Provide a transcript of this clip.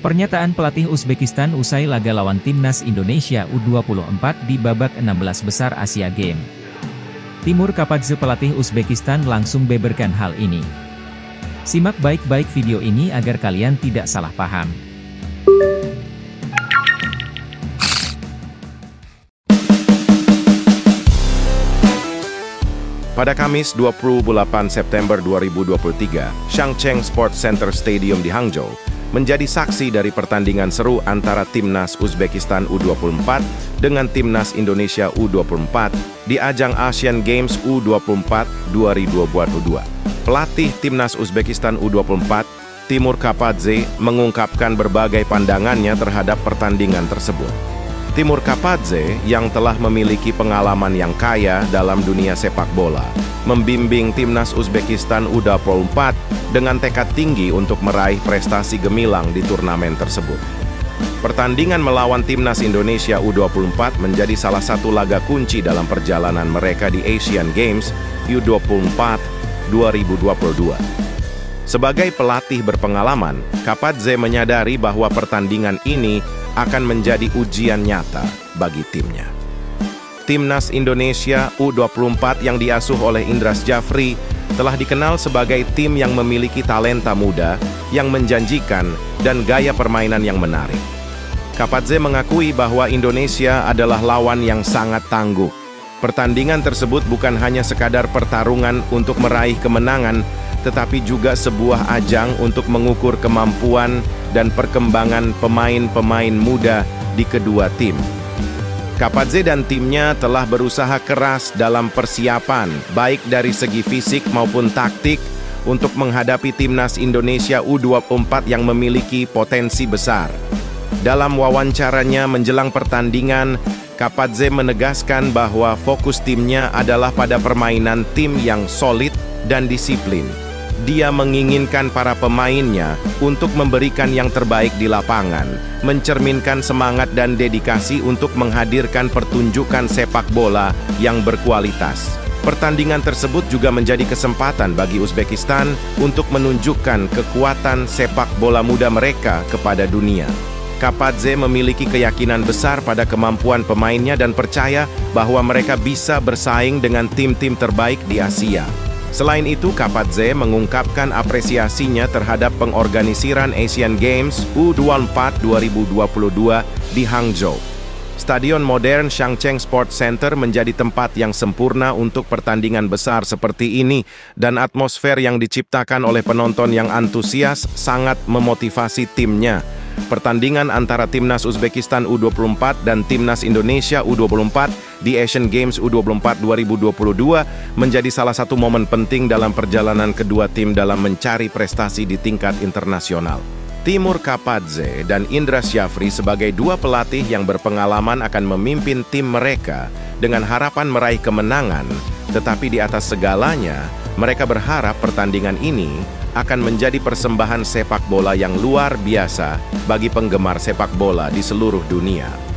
Pernyataan pelatih Uzbekistan usai laga lawan timnas Indonesia U24 di babak 16 besar Asia Games. Timur Kapadze pelatih Uzbekistan langsung beberkan hal ini. Simak baik-baik video ini agar kalian tidak salah paham. Pada Kamis 28 September 2023, Shangcheng Sports Center Stadium di Hangzhou, menjadi saksi dari pertandingan seru antara Timnas Uzbekistan U24 dengan Timnas Indonesia U24 di ajang Asian Games U24 2022. Pelatih Timnas Uzbekistan U24, Timur Kapadze, mengungkapkan berbagai pandangannya terhadap pertandingan tersebut. Timur Kapadze yang telah memiliki pengalaman yang kaya dalam dunia sepak bola, membimbing timnas Uzbekistan U24 dengan tekad tinggi untuk meraih prestasi gemilang di turnamen tersebut. Pertandingan melawan timnas Indonesia U24 menjadi salah satu laga kunci dalam perjalanan mereka di Asian Games U24 2022. Sebagai pelatih berpengalaman, Kapadze menyadari bahwa pertandingan ini akan menjadi ujian nyata bagi timnya. Timnas Indonesia U24 yang diasuh oleh Indras Jafri telah dikenal sebagai tim yang memiliki talenta muda yang menjanjikan dan gaya permainan yang menarik. Kapadze mengakui bahwa Indonesia adalah lawan yang sangat tangguh. Pertandingan tersebut bukan hanya sekadar pertarungan untuk meraih kemenangan, tetapi juga sebuah ajang untuk mengukur kemampuan dan perkembangan pemain-pemain muda di kedua tim. Kapadze dan timnya telah berusaha keras dalam persiapan, baik dari segi fisik maupun taktik, untuk menghadapi timnas Indonesia U24 yang memiliki potensi besar. Dalam wawancaranya menjelang pertandingan, Kapadze menegaskan bahwa fokus timnya adalah pada permainan tim yang solid dan disiplin dia menginginkan para pemainnya untuk memberikan yang terbaik di lapangan, mencerminkan semangat dan dedikasi untuk menghadirkan pertunjukan sepak bola yang berkualitas. Pertandingan tersebut juga menjadi kesempatan bagi Uzbekistan untuk menunjukkan kekuatan sepak bola muda mereka kepada dunia. Kapadze memiliki keyakinan besar pada kemampuan pemainnya dan percaya bahwa mereka bisa bersaing dengan tim-tim terbaik di Asia. Selain itu, Kapadze mengungkapkan apresiasinya terhadap pengorganisiran Asian Games U24 2022 di Hangzhou. Stadion modern Shangcheng Sports Center menjadi tempat yang sempurna untuk pertandingan besar seperti ini dan atmosfer yang diciptakan oleh penonton yang antusias sangat memotivasi timnya. Pertandingan antara Timnas Uzbekistan U24 dan Timnas Indonesia U24 di Asian Games U24 2022 menjadi salah satu momen penting dalam perjalanan kedua tim dalam mencari prestasi di tingkat internasional. Timur Kapadze dan Indra Syafri sebagai dua pelatih yang berpengalaman akan memimpin tim mereka dengan harapan meraih kemenangan, tetapi di atas segalanya, mereka berharap pertandingan ini akan menjadi persembahan sepak bola yang luar biasa bagi penggemar sepak bola di seluruh dunia.